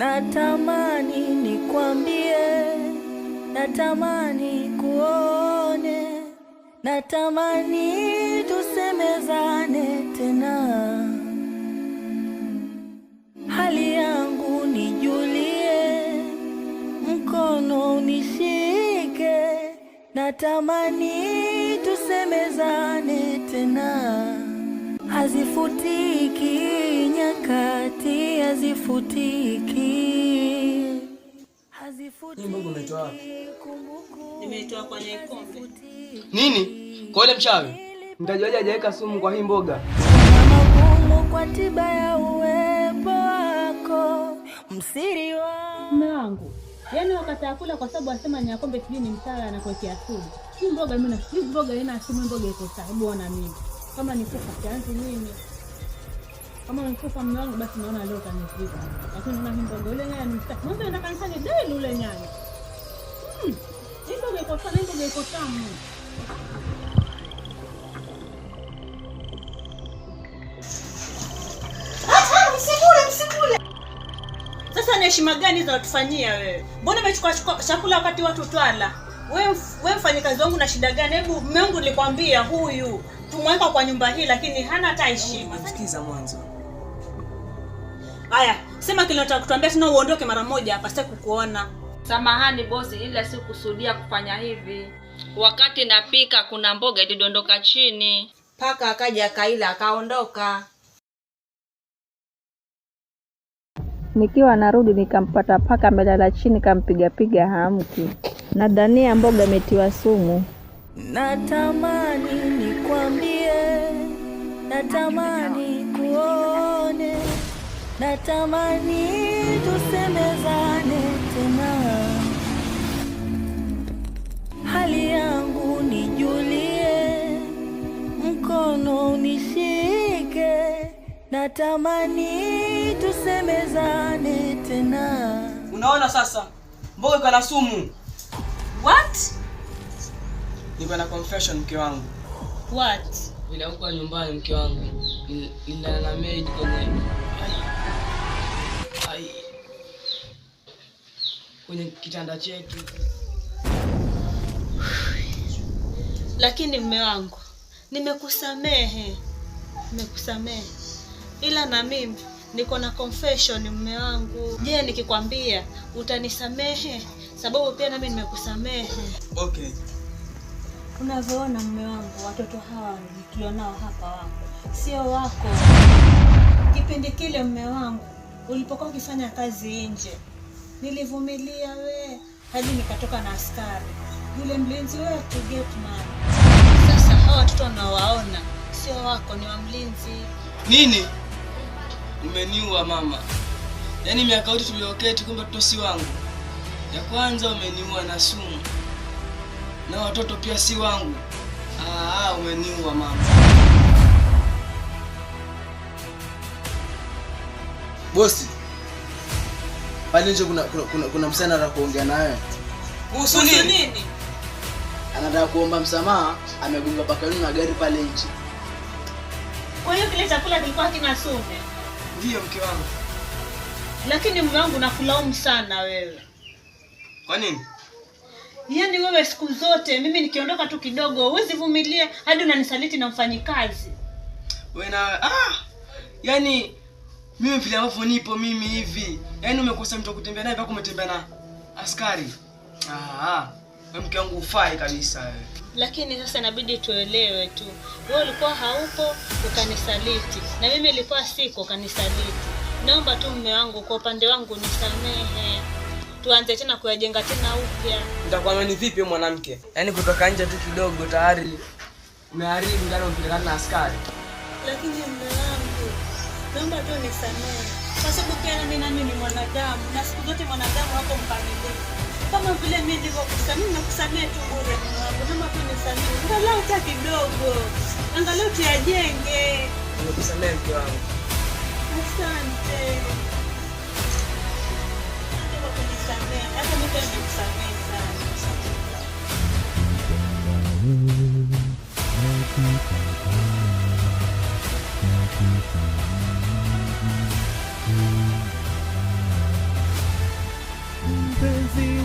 Natamani nikwambie, natamani kuone, natamani tusemezane tena. Hali yangu nijulie, mkono unishike, natamani tusemezane tena hazifutiki, nyakati hazifutiki, nini kwa ile mchawi mtajuaje hajaweka sumu kwa hii mboga? Magumu kwa tiba ya uwepo wako msiri wangu Yaani wakataa kula kwa sababu wasema ni akombe sijui ni na kwa sumu. Hii mboga mimi na hii mboga ina sumu, mboga iko sawa. Hebu ona mimi. Kama nikufa kianzi nini? Kama nikufa mume wangu, basi naona leo kanizika, lakini naona mboga ule nyanya nimtaki. Hmm. Mwanzo enda kanisani deni ule nyanya, hii mboga iko sana, hii mboga iko tamu. heshima gani za watufanyia wewe? Mbona umechukua chakula wakati watu twala? Wewe Wewe mfanyikazi wangu, na shida gani? Hebu mume wangu nilikwambia huyu kumweka kwa nyumba hii, lakini hana hata heshima. Sikiza mwanzo. Haya, sema kile nataka kutuambia, tena uondoke mara moja hapa, sitaki kukuona. Samahani bosi, ila sikusudia kufanya hivi. Wakati napika kuna mboga ilidondoka chini, paka akaja akaila akaondoka. Nikiwa narudi nikampata paka amelala chini, kampigapiga hamki. Nadhania mboga imetiwa sumu. Natamani nikwambie, natamani kuone, natamani tusemezane tena, hali yangu nijulie, mkono unishike, natamani tusemezane tena. Unaona sasa, mboga iko na sumu. What? Niko na confession mke wangu What? Bila huko nyumbani mke wangu na maid kwenye ai kwenye kitanda chetu. Lakini mme wangu, nimekusamehe, nimekusamehe, ila na mimi niko na confession mme wangu. Je, nikikwambia utanisamehe? Sababu pia nami nimekusamehe. Okay. Unavyoona mume wangu, watoto hawa nikionao hapa wako sio wako. Kipindi kile mume wangu ulipokuwa ukifanya kazi nje, nilivumilia we hadi nikatoka na askari yule mlinzi wetu Getman. Sasa hawa watoto wanaowaona sio wako, ni wa mlinzi. Nini umeniua mama? Yaani miaka yote tulioketi kumbe tuto si wangu. Ya kwanza umeniua na sumu na watoto pia si wangu. Ah, ah, umeniua mama. Bosi, pale nje kuna kuna, kuna, kuna msana anataka kuongea naye. Kuhusu nini? Anataka kuomba msamaha, amegonga paka na gari pale nje. Kwa hiyo kile chakula kilikuwa kina sumu. Ndiyo, mke wangu. Lakini mume wangu, nakulaumu sana wewe. Kwa nini? Yaani wewe siku zote mimi nikiondoka tu kidogo huwezi vumilia hadi unanisaliti na mfanyikazi. wena ah, yaani mimi vile ambavyo nipo mimi hivi. Yaani umekosa mtu kutembea naye mpaka umetembea na askari. Ah, ah, mke wangu ufai kabisa wewe. Lakini sasa inabidi tuelewe tu. Wewe ulikuwa haupo ukanisaliti na mimi nilikuwa siko ukanisaliti. Naomba tu mume wangu kwa upande wangu nisamehe tuanze tena kuyajenga tena upya. Nitakwambia ni vipi mwanamke, yaani kutoka nje tu kidogo tayari umeharibu gari, ukilingana na askari. Lakini mume wangu, naomba tu nisamehe, kwa sababu pia mimi nami ni mwanadamu, na siku zote mwanadamu hapo mkamilifu kama vile mimi ndivyo kusema, mimi nakusamehe tu bure mwanangu. naomba tu nisamehe angalau cha kidogo, angalau tuyajenge. Nimekusamehe mke wangu, asante nitakusamehe, hata nitakusamehe sana. Mpenzi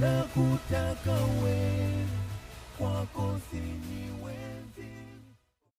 na kutaka we kwako siniwe